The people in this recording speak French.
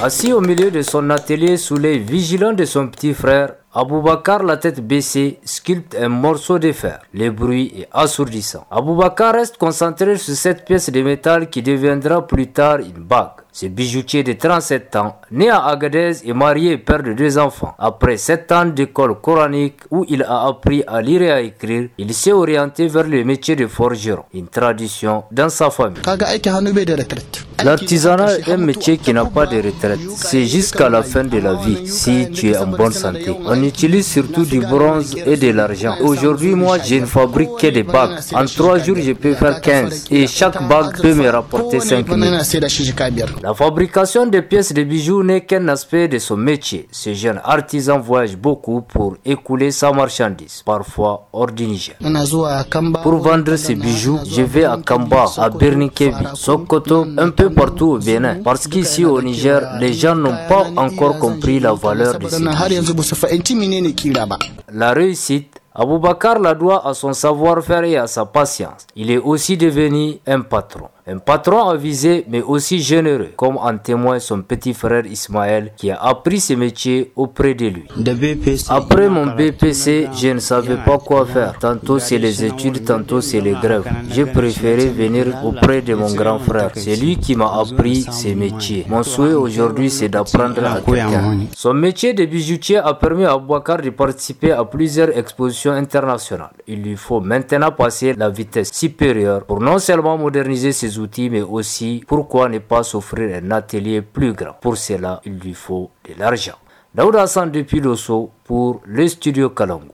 Assis au milieu de son atelier sous les vigilants de son petit frère, Aboubakar, la tête baissée, sculpte un morceau de fer. Le bruit est assourdissant. Aboubakar reste concentré sur cette pièce de métal qui deviendra plus tard une bague ce bijoutier de 37 ans, né à Agadez et marié et père de deux enfants. Après 7 ans d'école coranique où il a appris à lire et à écrire, il s'est orienté vers le métier de forgeron, une tradition dans sa famille. L'artisanat est un métier qui n'a pas de retraite. C'est jusqu'à la fin de la vie, si tu es en bonne santé. On utilise surtout du bronze et de l'argent. Aujourd'hui, moi, je ne fabrique que des bagues. En trois jours, je peux faire 15. Et chaque bague peut me rapporter 5 000. La fabrication de pièces de bijoux n'est qu'un aspect de son métier. Ce jeune artisan voyage beaucoup pour écouler sa marchandise, parfois hors du Niger. Pour vendre ses bijoux, je vais à Kamba, à Birnikevi, Sokoto, un peu partout au Bénin. Parce qu'ici au euh, Niger, les gens n'ont pas encore compris la valeur de ces bijoux. La réussite Aboubakar la doit à son savoir-faire et à sa patience. Il est aussi devenu un patron. Un patron avisé mais aussi généreux, comme en témoigne son petit frère Ismaël qui a appris ce métier auprès de lui. Après mon BPC, je ne savais pas quoi faire. Tantôt c'est les études, tantôt c'est les grèves. J'ai préféré venir auprès de mon grand frère. C'est lui qui m'a appris ses métiers. Mon souhait aujourd'hui c'est d'apprendre à quelqu'un. Son métier de bijoutier a permis à Bouakar de participer à plusieurs expositions internationales. Il lui faut maintenant passer la vitesse supérieure pour non seulement moderniser ses outils, mais aussi pourquoi ne pas s'offrir un atelier plus grand. Pour cela, il lui faut de l'argent. Daouda Hassan depuis Losso pour le studio Kalongo.